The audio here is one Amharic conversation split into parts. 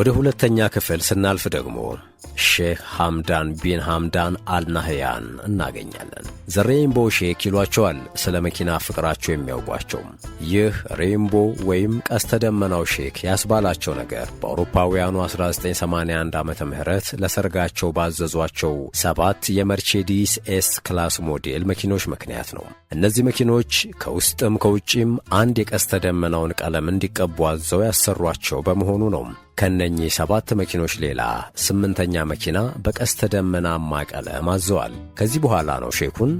ወደ ሁለተኛ ክፍል ስናልፍ ደግሞ ሼህ ሐምዳን ቢን ሐምዳን አልናህያን እናገኛለን። ዘ ሬይንቦ ሼክ ይሏቸዋል ስለ መኪና ፍቅራቸው የሚያውቋቸው። ይህ ሬይንቦ ወይም ቀስተ ደመናው ሼክ ያስባላቸው ነገር በአውሮፓውያኑ 1981 ዓመተ ምህረት ለሰርጋቸው ባዘዟቸው ሰባት የመርቼዲስ ኤስ ክላስ ሞዴል መኪኖች ምክንያት ነው። እነዚህ መኪኖች ከውስጥም ከውጪም አንድ የቀስተ ደመናውን ቀለም እንዲቀቡ አዘው ያሰሯቸው በመሆኑ ነው። ከነኚህ ሰባት መኪኖች ሌላ ስምንተኛ መኪና በቀስተ ደመናማ ቀለም አዘዋል። ከዚህ በኋላ ነው ሼኩን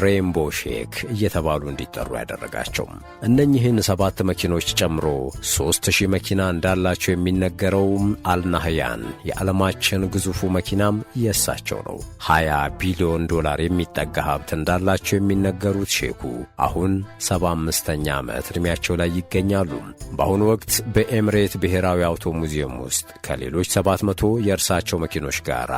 ሬንቦ ሼክ እየተባሉ እንዲጠሩ ያደረጋቸው። እነኚህን ሰባት መኪኖች ጨምሮ ሦስት ሺህ መኪና እንዳላቸው የሚነገረውም አልናህያን የዓለማችን ግዙፉ መኪናም የእሳቸው ነው። 20 ቢሊዮን ዶላር የሚጠጋ ሀብት እንዳላቸው የሚነገሩት ሼኩ አሁን 75ኛ ዓመት ዕድሜያቸው ላይ ይገኛሉ። በአሁኑ ወቅት በኤምሬት ብሔራዊ አውቶሙዚ ሙዚየም ውስጥ ከሌሎች 700 የእርሳቸው መኪኖች ጋር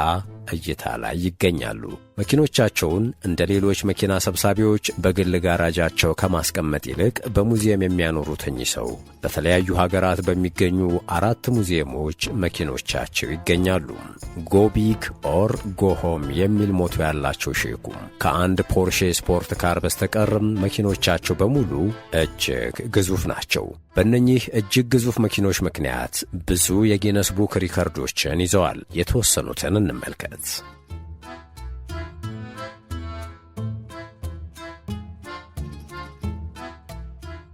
እይታ ላይ ይገኛሉ። መኪኖቻቸውን እንደ ሌሎች መኪና ሰብሳቢዎች በግል ጋራጃቸው ከማስቀመጥ ይልቅ በሙዚየም የሚያኖሩት ሰው በተለያዩ ሀገራት በሚገኙ አራት ሙዚየሞች መኪኖቻቸው ይገኛሉ። ጎቢክ ኦር ጎሆም የሚል ሞቶ ያላቸው ሼኩም ከአንድ ፖርሼ ስፖርት ካር በስተቀር መኪኖቻቸው በሙሉ እጅግ ግዙፍ ናቸው። በእነኚህ እጅግ ግዙፍ መኪኖች ምክንያት ብዙ የጊነስ ቡክ ሪከርዶችን ይዘዋል። የተወሰኑትን እንመልከት።